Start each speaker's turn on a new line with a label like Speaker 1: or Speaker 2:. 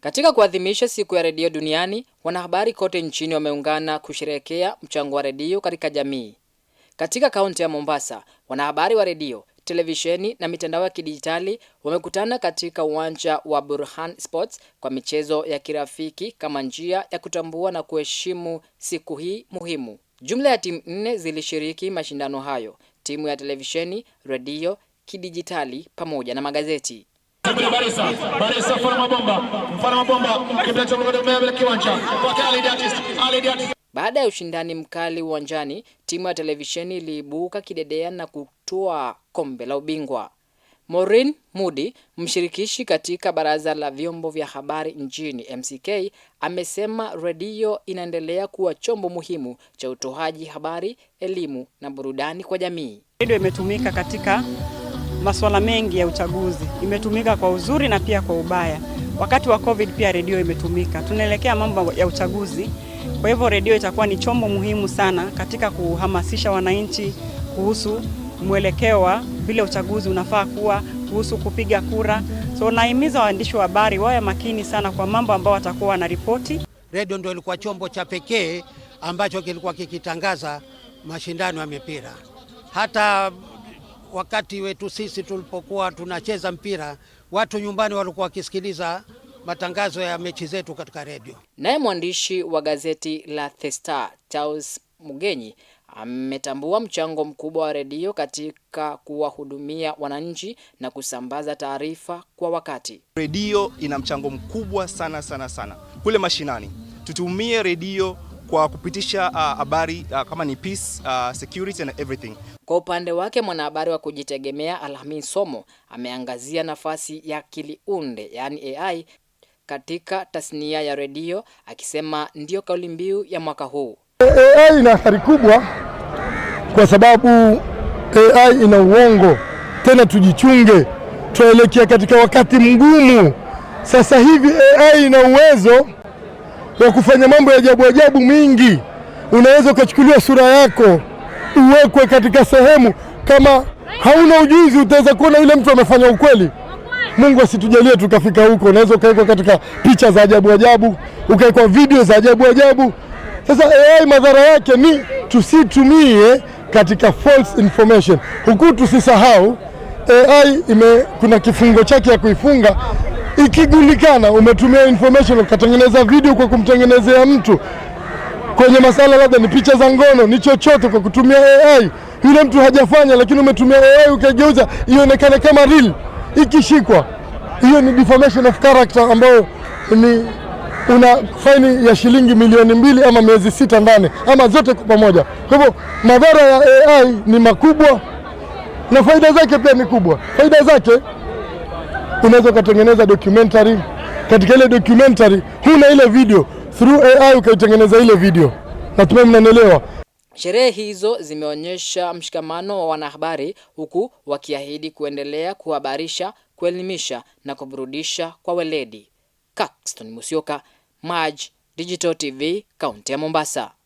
Speaker 1: Katika kuadhimisha siku ya redio duniani, wanahabari kote nchini wameungana kusherehekea mchango wa redio katika jamii. Katika kaunti ya Mombasa, wanahabari wa redio, televisheni na mitandao ya kidijitali wamekutana katika uwanja wa Burhan Sports kwa michezo ya kirafiki kama njia ya kutambua na kuheshimu siku hii muhimu. Jumla ya timu nne zilishiriki mashindano hayo, timu ya televisheni, redio, kidijitali pamoja na magazeti. Kampuni Barisa, Barisa mfano mabomba. Mfano mabomba. kipenda Kipiacho mkono bila kiwanja. Kwa Ali Diatis, Ali Diatis. Baada ya ushindani mkali uwanjani, timu ya televisheni iliibuka kidedea na kutoa kombe la ubingwa. Maureen Mudi, mshirikishi katika baraza la vyombo vya habari nchini MCK, amesema redio inaendelea kuwa chombo muhimu cha utoaji habari, elimu na burudani kwa jamii.
Speaker 2: Redio imetumika katika masuala mengi ya uchaguzi. Imetumika kwa uzuri na pia kwa ubaya. Wakati wa COVID pia redio imetumika. Tunaelekea mambo ya uchaguzi, kwa hivyo redio itakuwa ni chombo muhimu sana katika kuhamasisha wananchi kuhusu mwelekeo wa vile uchaguzi unafaa kuwa, kuhusu kupiga kura. So nahimiza waandishi wa habari wawe makini sana kwa mambo ambayo watakuwa wanaripoti.
Speaker 3: Redio ndio ilikuwa chombo cha pekee ambacho kilikuwa kikitangaza mashindano ya mipira hata wakati wetu sisi tulipokuwa tunacheza mpira, watu nyumbani walikuwa wakisikiliza matangazo ya mechi zetu katika redio.
Speaker 1: Naye mwandishi wa gazeti la The Star Charles Mugenyi ametambua mchango mkubwa wa redio katika kuwahudumia wananchi na kusambaza taarifa kwa wakati.
Speaker 4: Redio ina mchango mkubwa sana sana sana kule mashinani, tutumie redio kwa kupitisha uh, habari uh, uh, kama ni peace, uh, security and everything.
Speaker 1: Kwa upande wake mwanahabari wa kujitegemea Alhamin Somo ameangazia nafasi ya kiliunde yani AI katika tasnia ya redio akisema ndio kauli mbiu ya mwaka huu.
Speaker 5: AI ina athari kubwa kwa sababu AI ina uongo. Tena tujichunge, tuelekea katika wakati mgumu. Sasa hivi AI ina uwezo wa kufanya mambo ya ajabu ajabu mingi. Unaweza ukachukuliwa sura yako uwekwe katika sehemu, kama hauna ujuzi utaweza kuona yule mtu amefanya ukweli. Mungu asitujalie tukafika huko. Unaweza ukawekwa katika picha za ajabu ajabu, ukawekwa video za ajabu ajabu. Sasa AI madhara yake ni tusitumie katika false information, huku tusisahau AI ime, kuna kifungo chake ya kuifunga ikigulikana umetumia information ukatengeneza video kwa kumtengenezea mtu kwenye masala labda ni picha za ngono, ni chochote, kwa kutumia AI, yule mtu hajafanya, lakini umetumia AI ukageuza ionekane kama real, ikishikwa hiyo ni defamation of character ambayo ni una faini ya shilingi milioni mbili ama miezi sita ndani ama zote kwa pamoja. Kwa hivyo madhara ya AI ni makubwa na faida zake pia ni kubwa. Faida zake unaweza ukatengeneza documentary. Katika ile documentary huna ile video, through AI ukaitengeneza ile video. Natumai mnanielewa.
Speaker 1: Sherehe hizo zimeonyesha mshikamano wa wanahabari, huku wakiahidi kuendelea kuhabarisha, kuelimisha na kuburudisha kwa weledi. Kaxton Musyoka, Maj Digital TV, kaunti ya Mombasa.